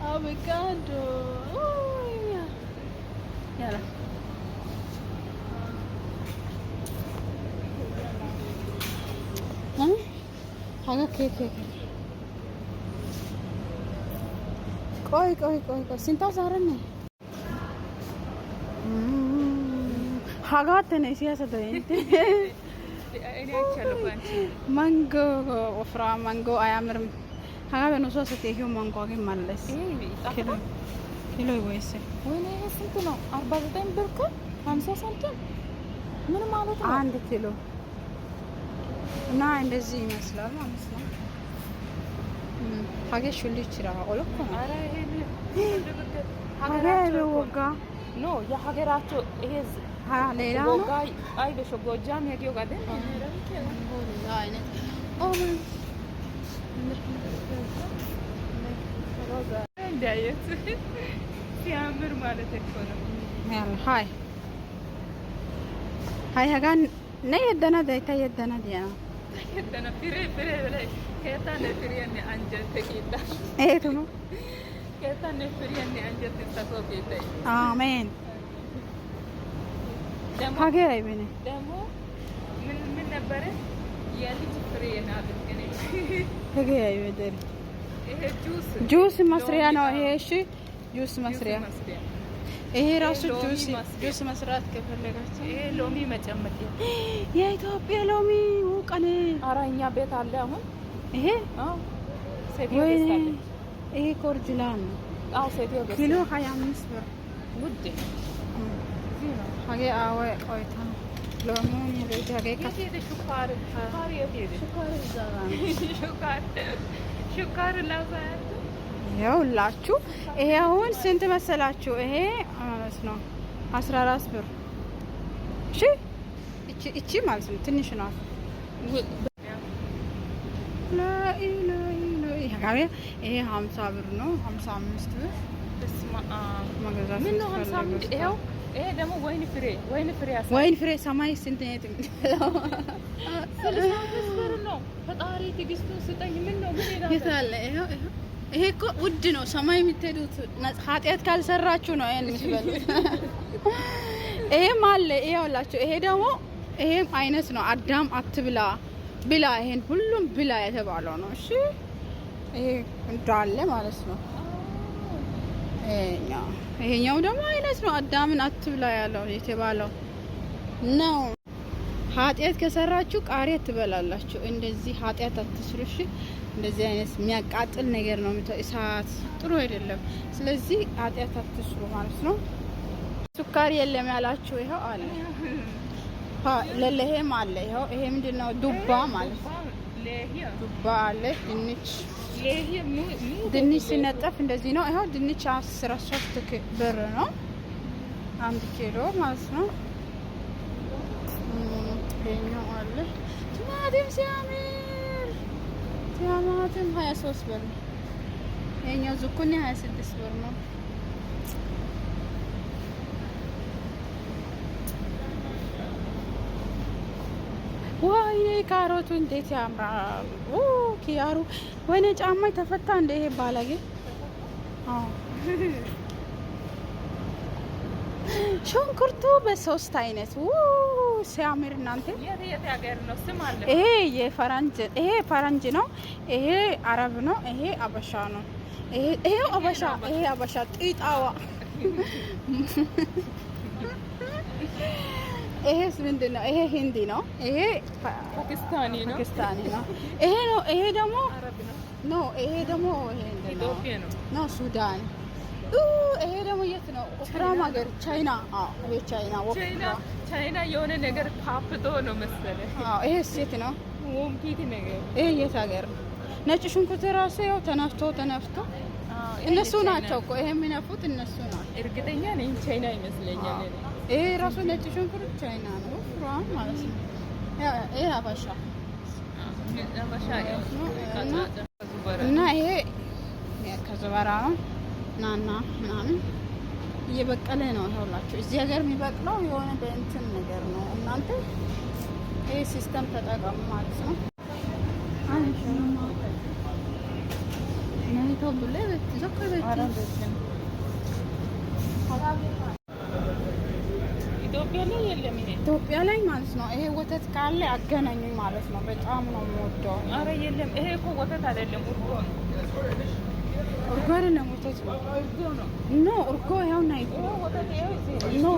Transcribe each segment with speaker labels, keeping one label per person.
Speaker 1: Abicado, Oh, iya. Ya lah. Hah? Hanga keke. Koi koi koi koi. Sinta saran nih. Hmm. ካጋተነ ሲያሰደ ማንጎ ወፍራ ማንጎ አያምርም። ሀጋ በነሱ ሰት ይሄው ማንጎ አገኝ ማለስ ኪሎ ወይስ ወይኔ
Speaker 2: ስንት ነው? አርባ ዘጠኝ ብር ከሀምሳ ሳንቲም ምን ማለት ነው? አንድ
Speaker 1: ኪሎ እና እንደዚህ ይመስላል ማለት ነው። ሀገ ሹል ይችላል ኦሎኮ ሀገ ወጋ
Speaker 2: ኖ የሀገራቸው ይሄ
Speaker 1: ጎጃም
Speaker 2: ሲያምር ማለት እኮ ነው።
Speaker 1: ሀይ ሀይ ሀጋን ነይ የደነት አይታ የደነት ያ ኤቱማ አሜን ሀገር አይበነ
Speaker 2: ደግሞ ምን ምን ነበረ የልጅ ፍሬ
Speaker 1: ሀገር አይበደር ጁስ መስሪያ ነው ይሄ። እሺ ጁስ መስሪያ ይሄ ራሱ ጁስ
Speaker 2: ጁስ መስራት ከፈለጋችሁ ይሄ ሎሚ መጨመቅ
Speaker 1: የኢትዮጵያ ሎሚ ውቀኔ
Speaker 2: አራኛ ቤት አለ አሁን ይሄ ወይኔ
Speaker 1: ይሄ ኮርጅላ ነው ኪሎ ሀያ አምስት ብር ውድ Hagee aaway oytan. Loomuun yeedi hageekka.
Speaker 2: Yeedi shukkar. Shukkar yeedi. Shukkar ይዘራል። Shukkar. Shukkar ላሳያችሁ
Speaker 1: ይኸውላችሁ ይሄ አሁን ስንት መሰላችሁ? ይሄ ማለት ነው 14 ብር። እሺ እቺ እቺ ማለት ነው ትንሽ ነው። ይሄ 50 ብር ነው 55 ብር ወይን ፍሬ ሰማይ ስንት
Speaker 2: ነው? ፈጣሪ
Speaker 1: ይሄ እኮ ውድ ነው። ሰማይ የምትሄዱት ኃጢአት ካልሰራችሁ ነው። ይሄን የምትበሉት ይሄም አለ። ይሄ ይሄ ደግሞ ይሄም አይነት ነው። አዳም አትብላ ብላ ይሄን ሁሉም ብላ የተባለው ነው። እሺ ይሄ እንዳለ ማለት ነው። ይሄኛው ደግሞ አይነት ነው። አዳምን አትብላ ያለው የተባለው ነው። ኃጢአት ከሰራችሁ ቃሪያ ትበላላችሁ። እንደዚህ ኃጢአት አትስሩ እሺ። እንደዚህ አይነት የሚያቃጥል ነገር ነው የሚተው እሳት ጥሩ አይደለም። ስለዚህ ኃጢአት አትስሩ ማለት ነው። ሱካሪ የለም ያላችሁ ይኸው አለ፣ ለለሄም አለ። ይኸው ይሄ ምንድን ነው? ዱባ ማለት ነው። ባለ ድንች ድንች ሲነጠፍ እንደዚህ ነው። ይኸው ድንች አስራ ሶስት ብር ነው አንድ ኪሎ ማለት ነው። ይኸኛው አለ ቲማቲም ሲያምር ቲማቲም ሀያ ሶስት ብር ነው። ይኸኛው ሀያ ስድስት ብር ነው። ካሮቱ እንዴት ያምራል! ኪያሩ ወይኔ ጫማ ተፈታ እንደ ይሄ ባላጌ ሽንኩርቱ በሶስት አይነት ሲያምር እናንተ። ይሄ የፈረንጅ ይሄ ፈረንጅ ነው። ይሄ አረብ ነው። ይሄ አበሻ ነው። ይሄ አበሻ ይሄ አበሻ ጢጣዋ ይሄስ ምንድን ነው? ይሄ ሂንዲ ነው። ይሄ
Speaker 2: ፓኪስታኒ ነው።
Speaker 1: ፓኪስታኒ ነው። ይሄ ነው። ይሄ ደግሞ ኖ፣ ይሄ ደግሞ ኢትዮጵያ ነው። ኖ ሱዳን። ይሄ ደግሞ የት ነው? ወፍራም ሀገር ቻይና። አዎ፣ ይሄ ቻይና።
Speaker 2: ቻይና የሆነ ነገር ፓፕቶ ነው መሰለህ።
Speaker 1: አዎ፣ ይሄስ የት ነው?
Speaker 2: ወምፒት ነገር።
Speaker 1: ይሄ የት ሀገር ነጭ ሽንኩርት ራሱ ያው ተነፍቶ ተነፍቶ እነሱ ናቸው እኮ ይሄ የሚነፉት እነሱ ናቸው።
Speaker 2: እርግጠኛ ነኝ ቻይና ይመስለኛል።
Speaker 1: ይሄ ራሱ ነጭ ሽንኩርት ቻይና ነው ፍራም ማለት ነው። ይሄ አባሻ እና ይሄ ከዘበራ ነው። ናና ምናምን እየበቀለ ነው። ይኸውላችሁ እዚህ ሀገር የሚበቅለው የሆነ በእንትን ነገር ነው። እናንተ ይሄ ሲስተም ተጠቀሙ ማለት ነው። ናይቶ ብለ ዘከረች ኢትዮጵያ ላይ ማለት ነው። ይሄ ወተት ካለ አገናኙኝ ማለት ነው። በጣም ነው የምወደው።
Speaker 2: አረ የለም፣ ይሄ እኮ ወተት አይደለም፣ እርጎ ነው።
Speaker 1: እርጎ አይደለም፣ ወተት ነው። ኖ፣ እርጎ ይኸውና፣ ኖ፣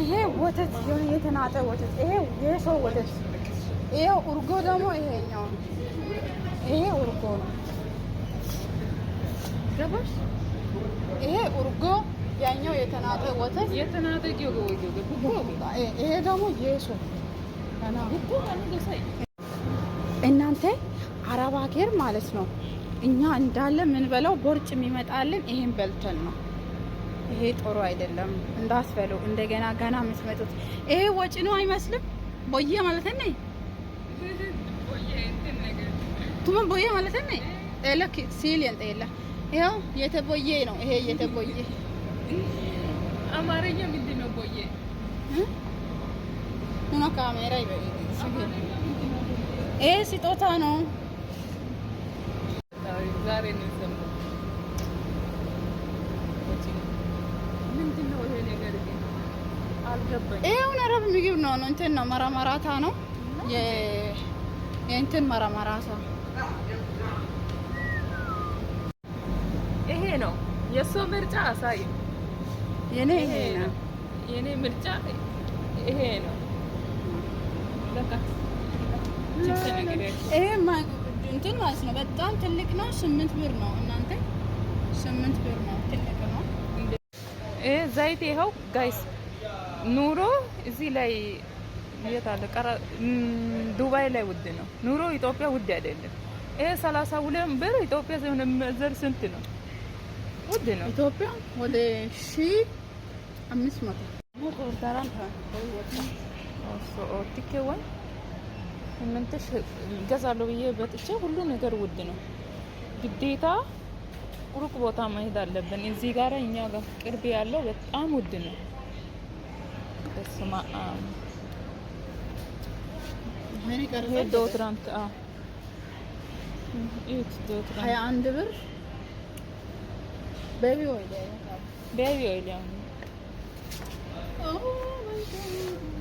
Speaker 1: ይሄ ወተት የሆነ የተናጠ ወተት፣ ይሄ የሰው ወተት፣ ይሄው እርጎ ደግሞ ይሄኛው፣ ይሄ እርጎ ነው። ገባሽ? ይሄ እርጎ ያኛው የተናጠ ወተት የተናጠ ይሄ ደግሞ የሶ እናንተ አረብ ሀገር ማለት ነው። እኛ እንዳለ ምን በለው ቦርጭ የሚመጣልን ይሄን በልተን ነው። ይሄ ጥሩ አይደለም እንዳስበለው። እንደገና ገና የምትመጡት ይሄ ወጪ ነው አይመስልም? ቦዬ ማለት ነው ቱመን ቦዬ ማለት ነው ለክ ሲል የንጠየላ ይኸው የተቦዬ ነው ይሄ የተቦዬ
Speaker 2: አማርኛ ምንድን ነው? ቆየ
Speaker 1: ሆኖ ካሜራ ይሄ ስጦታ ነው። ይሄውን አረብ ምግብ ነው ነው እንትን ነው መራመራታ ነው የእንትን መራመራታ
Speaker 2: ይሄ ነው የእሱ ምርጫ አሳይ የኔ የኔ ምርጫ ይሄ ነው።
Speaker 1: ይሄ እንትን ማለት ነው። በጣም ትልቅ ነው። ስምንት ብር ነው እናንተ፣ ስምንት ብር ነው። ትልቅ ነው።
Speaker 2: ይሄ ዘይት ይኸው ጋይስ ኑሮ እዚህ ላይ የት አለ? ዱባይ ላይ ውድ ነው ኑሮ። ኢትዮጵያ ውድ አይደለም። ይሄ ሰላሳ ሁለት ብር ኢትዮጵያ ዘር ስንት ነው? ውድ ነው። ኢትዮጵያ
Speaker 1: ወደ ሺ አምስት መቶ ትኬዋን ስምንት ሺ እገዛለሁ ብዬ በጥቼ ሁሉ ነገር ውድ ነው። ግዴታ ሩቅ ቦታ መሄድ አለብን። እዚህ ጋር እኛ ጋር ቅርብ ያለው በጣም ውድ ነው። በስመ ዶትራንት ዶትራንት ሀያ አንድ ብር Bevi öyle. Bevi öyle. Oh my god.